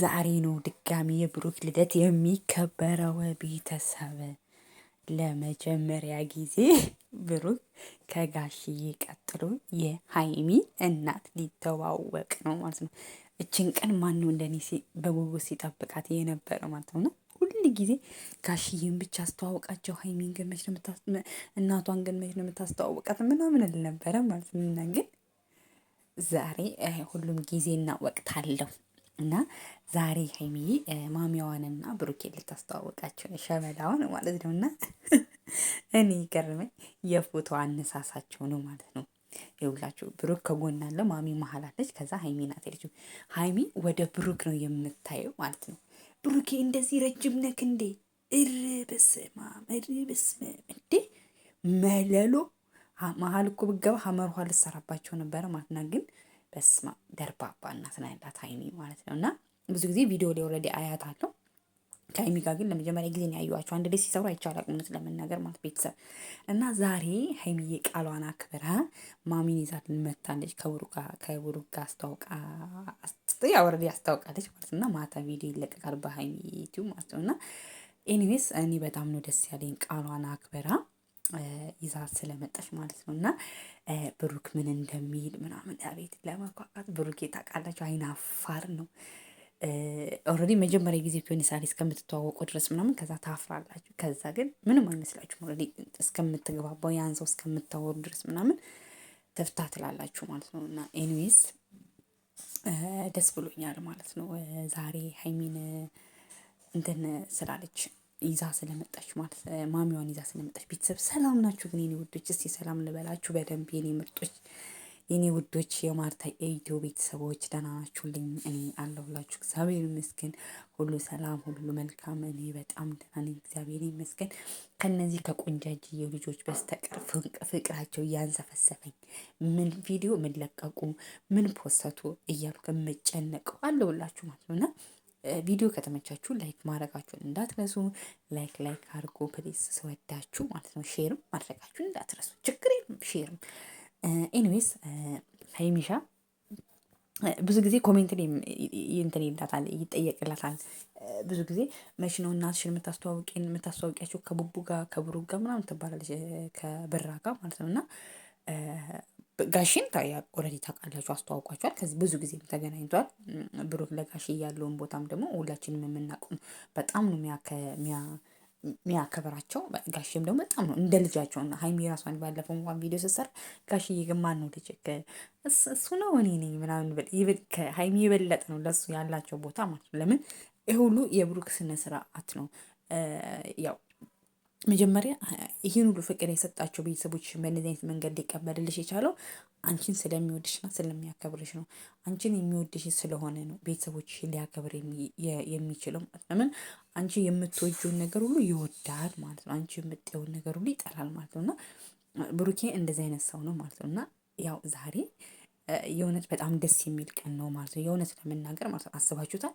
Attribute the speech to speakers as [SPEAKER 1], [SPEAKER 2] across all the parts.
[SPEAKER 1] ዛሬ ነው ድጋሚ የብሩክ ልደት የሚከበረው። ቤተሰብ ለመጀመሪያ ጊዜ ብሩክ ከጋሽዬ ቀጥሎ የሀይሚ እናት ሊተዋወቅ ነው ማለት ነው። እችን ቀን ማነው እንደኔ በጉጉት ሲጠብቃት የነበረ ማለት ነው። ሁል ጊዜ ጋሽዬን ብቻ አስተዋወቃቸው፣ ሀይሚን ግን መች ነው እናቷን ግን መች ነው የምታስተዋወቃት ምናምን አልነበረ ማለት ነው። እና ግን ዛሬ ሁሉም ጊዜና ወቅት አለው። እና ዛሬ ሀይሚዬ ማሚያዋንና ብሩኬን ልታስተዋወቃቸው ሸበላዋን ማለት ነው። እና እኔ ይገርመኝ የፎቶ አነሳሳቸው ነው ማለት ነው። ይውላችሁ ብሩክ ከጎን አለው፣ ማሚ መሀል አለች፣ ከዛ ሀይሚ ናት ያለችው። ሀይሚ ወደ ብሩክ ነው የምታየው ማለት ነው። ብሩኬ እንደዚህ ረጅም ነክ እንዴ? እርብስማ እርብስማ እንዴ መለሎ መሀል እኮ ብገባ ሀመርኋ ልሰራባቸው ነበረ ማለት ግን በስማ ደርባባ እናትና ያላት ሀይሚ ማለት ነው። እና ብዙ ጊዜ ቪዲዮ ላይ ኦልሬዲ አያት አለው ከሀይሚ ጋር ግን ለመጀመሪያ ጊዜ ያዩዋቸው አንድ ላይ ሲሰሩ አይቻላል። እውነት ለመናገር ማለት ቤተሰብ እና ዛሬ ሀይሚዬ ቃሏን አክብራ ማሚን ይዛት ልመታለች ከቡሩክ ጋር አስታውቃ ያወረድ ያስታውቃለች ማለት እና ማታ ቪዲዮ ይለቀቃል በሀይሚ ዩቲዩብ ማለት ነው። እና ኤኒዌይስ እኔ በጣም ነው ደስ ያለኝ ቃሏን አክብራ ይዛ ስለመጣች ማለት ነው። እና ብሩክ ምን እንደሚል ምናምን አቤት ለማቋቃት ብሩክ ታውቃላችሁ፣ አይን አፋር ነው። ኦልሬዲ መጀመሪያ ጊዜ ቢሆን ሳሪ እስከምትተዋወቁ ድረስ ምናምን ከዛ ታፍራላችሁ። ከዛ ግን ምንም አይመስላችሁም። ኦልሬዲ እስከምትግባባው ያን ሰው እስከምታወሩ ድረስ ምናምን ተፍታ ትላላችሁ ማለት ነው። እና ኤኒዌይስ ደስ ብሎኛል ማለት ነው ዛሬ ሀይሚን እንትን ስላለች ይዛ ስለመጣች ማለት ማሚዋን ይዛ ስለመጣች ቤተሰብ ሰላም ናችሁ? ግን የኔ ውዶች እስቲ ሰላም ልበላችሁ በደንብ የኔ ምርጦች፣ የኔ ውዶች፣ የማርታ የኢትዮ ቤተሰቦች ደህና ናችሁልኝ? እኔ አለሁላችሁ እግዚአብሔር ይመስገን፣ ሁሉ ሰላም፣ ሁሉ መልካም። እኔ በጣም ደህና ነኝ እግዚአብሔር ይመስገን። ከነዚህ ከቆንጃጅዬ ልጆች በስተቀር ፍቅራቸው እያንሰፈሰፈኝ ምን ቪዲዮ ምን ለቀቁ ምን ፖሰቱ እያሉ ከመጨነቀው አለሁላችሁ ማለት ነው እና ቪዲዮ ከተመቻችሁ ላይክ ማድረጋችሁን እንዳትረሱ። ላይክ ላይክ አድርጎ ፕሌስ ስወዳችሁ ማለት ነው። ሼርም ማድረጋችሁን እንዳትረሱ። ችግር የለም ሼርም። ኤኒዌይስ ሀይሚሻ ብዙ ጊዜ ኮሜንት እንትን ይላታል ይጠየቅላታል። ብዙ ጊዜ መቼ ነው እናትሽን የምታስተዋውቂን የምታስተዋውቂያቸው ከቡቡ ጋር ከብሩ ጋር ምናምን ትባላለች፣ ከብራ ጋር ማለት ነው እና ጋሽን ኦልሬዲ ታውቃላችሁ፣ አስተዋውቋቸዋል። ከዚህ ብዙ ጊዜም ተገናኝቷል። ብሩክ ለጋሽ ያለውን ቦታም ደግሞ ሁላችንም የምናውቀው በጣም ነው የሚያከብራቸው። ጋሽም ደግሞ በጣም ነው እንደ ልጃቸው ሀይሚ ራሷን ባለፈው እንኳን ቪዲዮ ስትሰራ ጋሽ ግን ነው ልጅ እሱ ነው እኔ ነኝ ምናምን ሀይሚ የበለጠ ነው ለሱ ያላቸው ቦታ ማለት ነው። ለምን ይህ ሁሉ የብሩክ ስነ ስርዓት ነው ያው መጀመሪያ ይህን ሁሉ ፍቅር የሰጣቸው ቤተሰቦች በእነዚህ አይነት መንገድ ሊቀበልልሽ የቻለው አንቺን ስለሚወድሽና ስለሚያከብርሽ ነው። አንቺን የሚወድሽ ስለሆነ ነው ቤተሰቦች ሊያከብር የሚችለው። ለምን አንቺ የምትወጂውን ነገር ሁሉ ይወዳል ማለት ነው። አንቺ የምትየውን ነገር ሁሉ ይጠላል ማለት ነው። እና ብሩኬ እንደዚህ አይነት ሰው ነው ማለት ነው። እና ያው ዛሬ የእውነት በጣም ደስ የሚል ቀን ነው ማለት ነው። የእውነት ለመናገር ማለት ነው። አስባችሁታል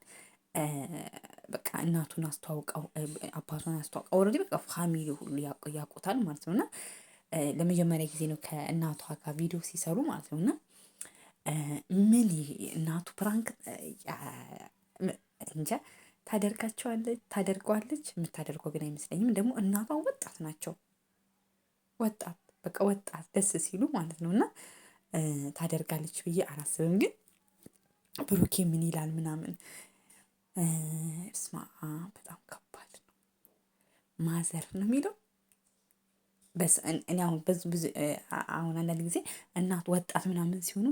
[SPEAKER 1] በቃ እናቱን አስተዋውቀው አባቷን አስተዋውቀው ኦልሬዲ በቃ ፋሚሊ ሁሉ ያውቁታል ማለት ነው። እና ለመጀመሪያ ጊዜ ነው ከእናቷ ጋር ቪዲዮ ሲሰሩ ማለት ነው። እና ምን እናቱ ፕራንክ እንጃ ታደርጋቸዋለች ታደርገዋለች። የምታደርገው ግን አይመስለኝም። ደግሞ እናቷ ወጣት ናቸው፣ ወጣት በቃ ወጣት ደስ ሲሉ ማለት ነው። እና ታደርጋለች ብዬ አላስብም። ግን ብሩኬ ምን ይላል ምናምን እስማ በጣም ከባድ ነው። ማዘር ነው የሚለው እኔ አሁን ብዙ ብዙ አሁን አንዳንድ ጊዜ እናት ወጣት ምናምን ሲሆኑ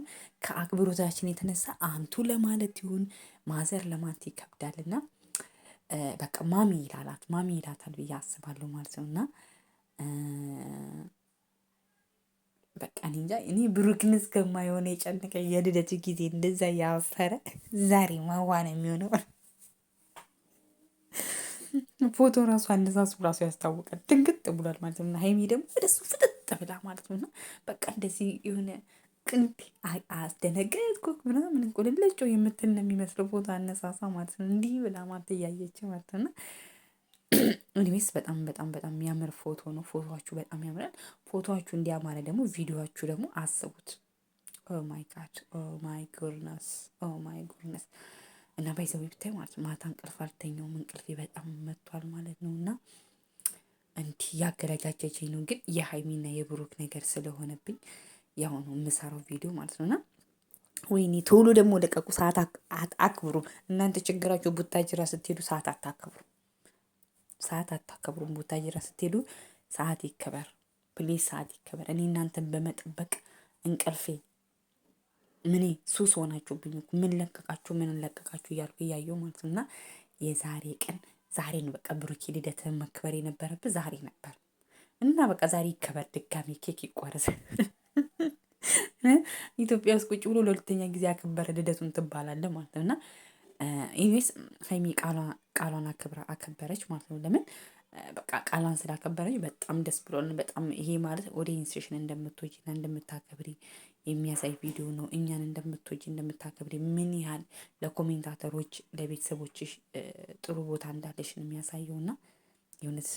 [SPEAKER 1] ከአክብሮታችን የተነሳ አንቱ ለማለት ይሁን ማዘር ለማለት ይከብዳል። እና በቃ ማሚ ይላላት ማሚ ይላታል ብዬ አስባለሁ ማለት ነው። እና በቃ እኔ እንጃ እኔ ብሩክን የሆነ የጨነቀ የልደት ጊዜ እንደዛ ያፈረ ዛሬ መዋን የሚሆነው ፎቶ ራሱ አነሳሱ ራሱ ያስታውቃል። ድንግጥ ብሏል ማለት ነው። እና ሀይሚ ደግሞ ወደሱ ፍጥጥ ብላ ማለት ነው። እና በቃ እንደዚህ የሆነ ቅንት አስደነገጥኩ ምናምን ቁልለጮ የምትል ነው የሚመስለው ፎቶ አነሳሳ ማለት ነው። እንዲህ ብላ ማለት እያየች ማለት ነው። እና በጣም በጣም በጣም የሚያምር ፎቶ ነው። ፎቶችሁ በጣም ያምራል። ፎቶችሁ እንዲያማረ ደግሞ ቪዲዮችሁ ደግሞ አስቡት። ኦ ማይ ጋድ ኦ ማይ ጉድነስ ኦ ማይ ጉድነስ እና ባይዘው ብታይ ማለት ነው ማታ እንቅልፍ አልተኛውም። እንቅልፌ በጣም መጥቷል ማለት ነው እና እንዲ ያገረጃጀችኝ ነው። ግን የሀይሚና የብሩክ ነገር ስለሆነብኝ ያው ነው የምሰራው ቪዲዮ ማለት ነውና ወይኔ ቶሎ ደግሞ ለቀቁ። ሰዓት አክብሩ እናንተ ችግራችሁ። ቡታጅራ ስትሄዱ ሰዓት አታከብሩ፣ ሰዓት አታከብሩ። ቡታጅራ ስትሄዱ ሰዓት ይከበር ፕሊዝ፣ ሰዓት ይከበር። እኔ እናንተን በመጠበቅ እንቅልፌ ምን ሱስ ሆናችሁብኝ ምን ለቀቃችሁ ምን ለቀቃችሁ እያልኩ እያየው ማለት ነው። እና የዛሬ ቀን ዛሬ ነው በቃ ብሩኬ ልደት መክበር የነበረብህ ዛሬ ነበር። እና በቃ ዛሬ ይከበር፣ ድጋሜ ኬክ ይቆረስ። ኢትዮጵያ ውስጥ ቁጭ ብሎ ለሁለተኛ ጊዜ ያከበረ ልደቱን ትባላለ ማለት ነው። እና ኢኒስ ሀይሚ ቃሏን አከበረች ማለት ነው። ለምን በቃ ቃሏን ስላከበረች በጣም ደስ ብሎ በጣም ይሄ ማለት ኦዲየንስሽን እንደምትወጂና እንደምታከብሪ የሚያሳይ ቪዲዮ ነው። እኛን እንደምትወጂ እንደምታከብሪ፣ ምን ያህል ለኮሜንታተሮች ለቤተሰቦችሽ ጥሩ ቦታ እንዳለሽ ነው የሚያሳየውና የእውነት